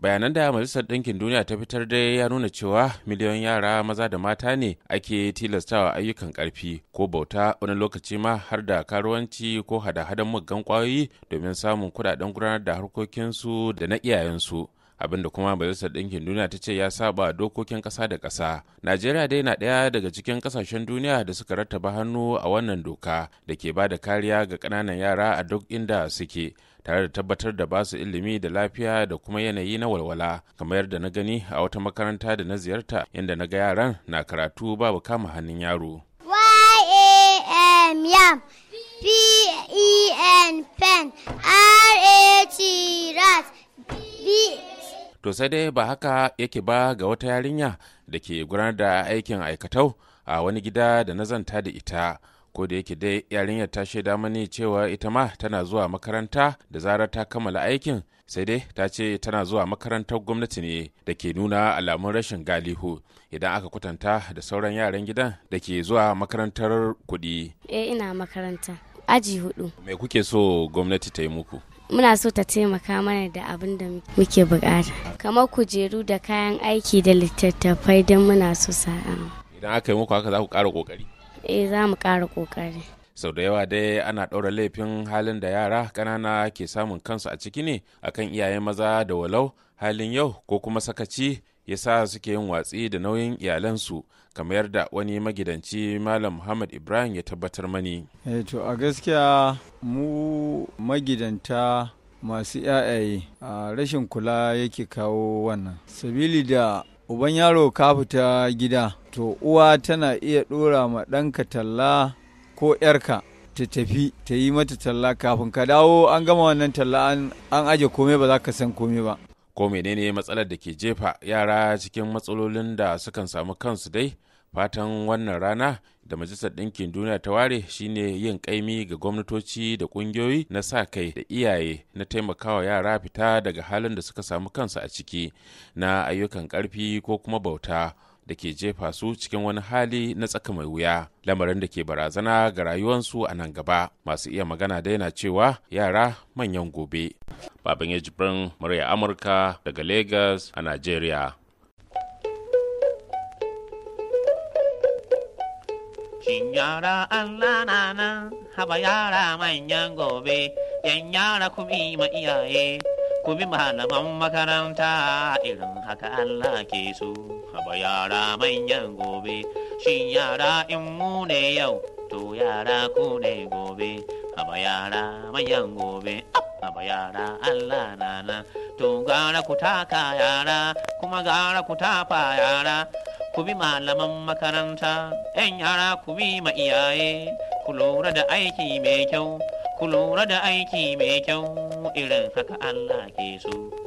bayanan da majalisar ɗinkin duniya ta fitar da ya nuna cewa miliyoyin yara maza da mata ne ake tilastawa ayyukan ƙarfi ko bauta wani lokaci ma har da karuwanci ko hada-hadan muggan ƙwayoyi domin samun kuɗaɗen gudanar da harkokinsu da na iyayensu abinda kuma majalisar ɗinkin duniya ta ce ya saba dokokin ƙasa da ƙasa najeriya dai na ɗaya daga cikin ƙasashen duniya da suka rattaba hannu a wannan doka da ke ba da kariya ga ƙananan yara a duk inda suke tare da tabbatar da basu ilimi da lafiya da kuma yanayi na walwala kamar yadda na gani a wata makaranta da na ziyarta inda na ga yaran na karatu babu kama hannun yaro e to sai dai ba haka yake ba ga wata yarinya da ke gudanar da aikin aikatau a wani gida da na zanta da ita ko da yake dai yarinyar ta shaida mani cewa ita ma tana zuwa makaranta da zarar ta kammala aikin sai dai ta ce tana zuwa makarantar gwamnati ne da ke nuna alamun rashin galihu idan aka kwatanta da sauran yaran gidan da ke zuwa makarantar kuɗi. eh ina makaranta aji hudu me kuke so gwamnati ta yi muku muna so ta taimaka mana da abin da muke bukata kamar kujeru da kayan aiki da littattafai don muna so sa'a idan aka yi muku haka za ku ƙara ƙoƙari e za mu ƙara ƙoƙari sau da yawa dai ana ɗaura laifin halin da yara ƙanana ke samun kansu a ciki ne akan iyaye maza da walau halin yau ko kuma sakaci ya sa suke yin watsi da nauyin iyalansu kamar da wani magidanci malam muhammad ibrahim ya tabbatar mani eh, to a gaskiya mu magidanta masu yaya a rashin kula yake kawo wannan sabili da uban yaro ka fita gida to uwa tana iya ɗora ma ɗanka talla ko ‘yarka ta tafi ta yi mata talla kafin ka dawo an gama wannan talla an aje komai ba za ka san komai ba ko menene matsalar da ke jefa yara cikin matsalolin da sukan samu kansu dai fatan wannan rana da majalisar ɗinkin duniya ta ware shine yin ƙaimi ga gwamnatoci da ƙungiyoyi na sa kai da iyaye na taimakawa yara fita daga halin da suka samu kansu a ciki na ayyukan ƙarfi ko kuma bauta da ke jefa su cikin wani hali na tsaka mai wuya lamarin da ke barazana ga rayuwarsu a nan gaba masu iya magana da yana cewa yara manyan gobe baban ya jibrin murya amurka daga lagos a nigeria Shin yara Allah na nan haba yara manyan gobe, yan ma iyaye, kubi malaman makaranta irin haka Allah ke so. habayara yara manyan shin yara in mu ne yau, to yara ku ne gobe, habayara yara manyan habayara to gara ku taka yara, kuma gara ku tafa yara. ku bi malaman makaranta, ‘yan yara ku bi ma iyaye, ku lura da aiki mai kyau, ku lura da aiki mai kyau, irin haka Allah ke so.